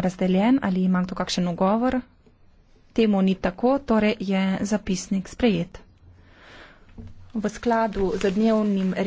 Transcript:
razdeljen ali ima kdo kakšen ogovor. Temu ni tako, torej je zapisnik sprejet. V skladu z dnevnim redom.